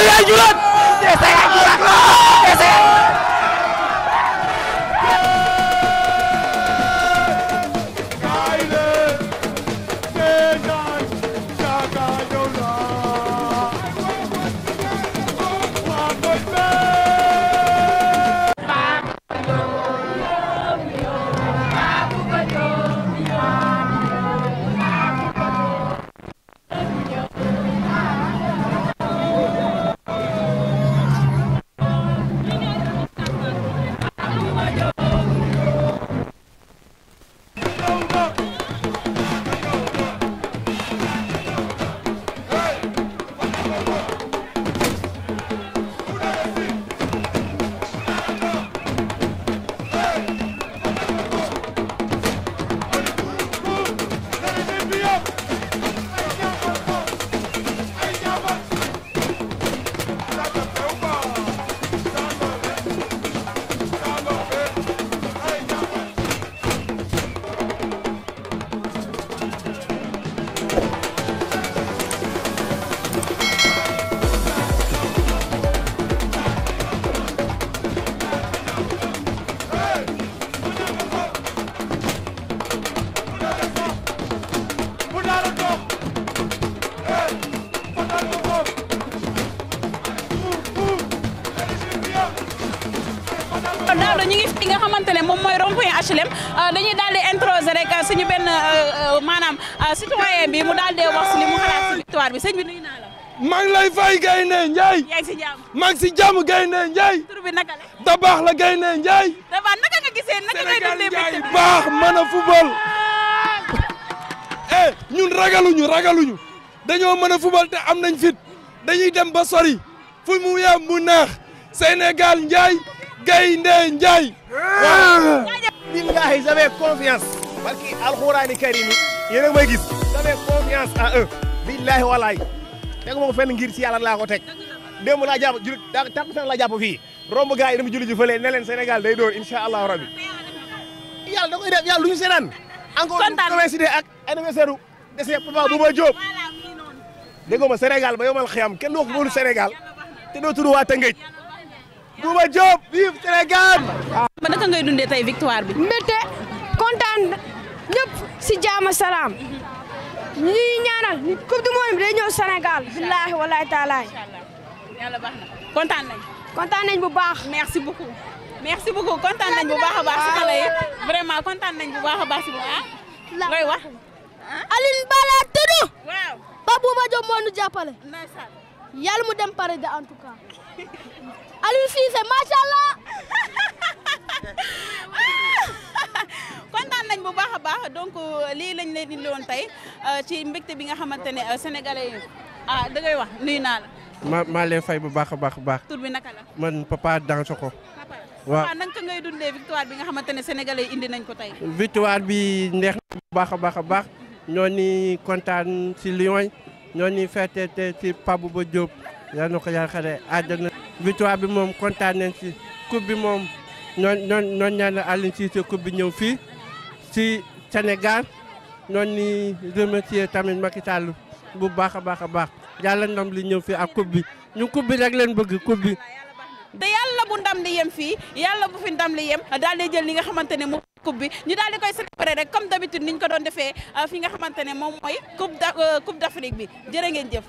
saya Anjuran. saya Anjuran. Desa Daouda ñu ngi fi nga xamante ne moom mooy rond-point H&M. euh, dañuy daal di introsé rek euh, suñu benn euh, maanaam citoyen bi mu daal di li mu xalaat si victoire bi sëñ bi nuyu naa la. maa lay fay Gaynde Ndiaye. yaa si jàmm maa ngi si jàmm Gaynde Ndiaye. tur bi naka la. da baax la Gaynde Ndiaye. da baax naka nga gisee naka ngay dundee Sénégal Ndiaye baax mën a football. Eh, ñun ragaluñu ragaluñu dañoo mën a te am nañ fit dañuy dem ba sori fu mu yem mu neex Sénégal Ndiaye. Gaynde Njaay billahi j'avais confiance barki alxuraani karimi yéen a may gis j'avais confiance à eux billahi walaay teg ma ko fenn ngir ci yàlla laa ko teg démb laa jàpp juli takkusaan laa jàpp fii romb gars yi mu julli ji fële ne leen senegal day door insha allahu rabbi yàlla da koy def yàlla ñu seetaan encore coïncidé ak anniversaire ba yomal xiyam kenn du wax góolu Sénégal te doo tudd waa Tëngéej Bouba Diop vive Sénégal. ba naka ngay dundee tey victoire bi. mbette kontaan ñëpp si jaama salaam. ñu ñuy ñaanal coupe du monde bi day ñëw Sénégal. billaahi wallaahi taalaay. kontaan nañ. kontaan nañ bu baax. merci beaucoup. merci beaucoup kontaan nañ bu baax a baax si xale kontaan nañ bu baax a baax si bu baax. Ah. wax. Aline Bala tudd. waaw Pape Bouba Diop moo ñu yàlla mu dem pare de en tout cas Aliou Cissé macha allah. kontaan nañ bu baax a baax donc euh, lii lañ leen indi woon tey euh, ci mbégte bi nga xamante ne euh, sénégalais yi ah da wax nuyu naa la. ma maa leen fay bu baax a baax baax. tur bi naka la. man papa Dansokho. waaw waaw naka ngay dundee victoire bi nga xamante ne sénégalais yi indi nañ ko tey. victoire bi neex na bu baax a baax a baax ñoo ni kontaan si Lyon ñoo ñuy feete te ci Pape Bouba Diop yal na ko yàlla xare bi moom kontaan nañ ci coupe bi moom noon noon noonu ñaan na Aliou Cissé bi ñëw fii si senegal noonu ni tamit Macky Sall bu baax a baax a baax yàlla ndam li ñëw fii ak coupe bi ñu coupe bi rek leen bëgg coupe bi te yàlla li yem fii yàlla bu ndam li yem daal di nga xamante ne coupe bi ñu daal di koy célébrer rek comme ni ñu ko doon defee euh, fi nga xamante ne moom mooy coupe euh, coupe d'Afrique bi jërë ngeen jëf